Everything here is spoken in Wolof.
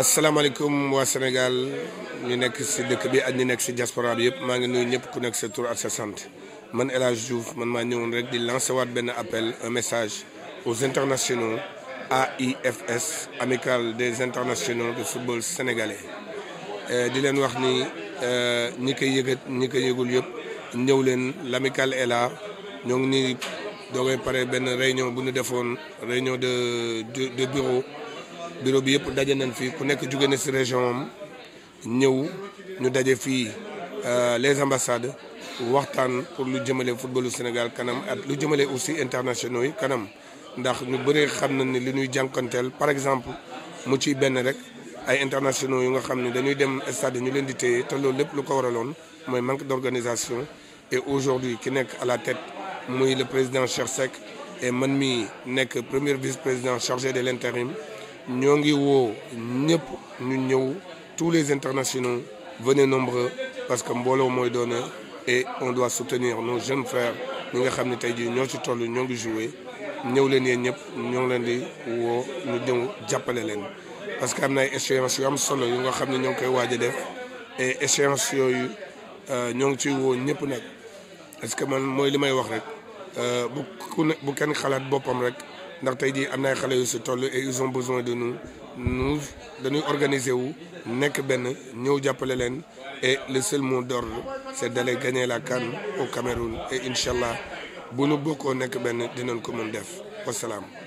asalaamaaleykum wa Sénégal ñu nekk ci dëkk bi ak ñu nekk si diaspora bi yëpp maa ngi nuyu ñëpp ku nekk sa tour ak sa sant man elage Diouf man maa ñëwoon rek di lancer waat benn appel un message aux internationaux AIFS Amical des internationaux de football sénégalais euh, di leen wax ni euh, ñi koy yëgat ñi koy yëgul yëpp ñëw leen l'amical est là ñoo ngi doogay pare benn réunion bu ñu defoon réunion de de bureau bureau bi yëpp dajé nañ fi ku nek jóge na ci région am ñew ñu daje fii euh, les ambassades waxtaan pour lu jëmele football du Sénégal kanam at lu jëmele aussi internationaux yi kanam ndax ñu bëri xam nañ ni li ñuy jankantel par exemple mu ci ben rek ay internationaux yu nga xamni dañuy dem stade ñu leen di téye té loolu lépp lu ko waraloon moy manque d'organisation et aujourd'hui ki nek à la tête moi, le président Chersek et man premier vice-président chargé de l'intérim nous ngi tous les internationaux venez nombreux parce que mbolo moy donner et on doit soutenir nos jeunes frères nous nga nous ci leen parce que def et nous yoyu euh, ñoo ngi parce que man mooy li wax rek euh, bu bu ken xalat bopam rek ndax tay di am na ay yu si tollu et ils ont besoin de nous nous dañuy organiser wu nek ben ñeu jappalé len et le seul mot d'ordre c'est d'aller gagner la CAN au Cameroun et inshallah, bu nu bokko nek ben dinañ ko mën def wasalaam.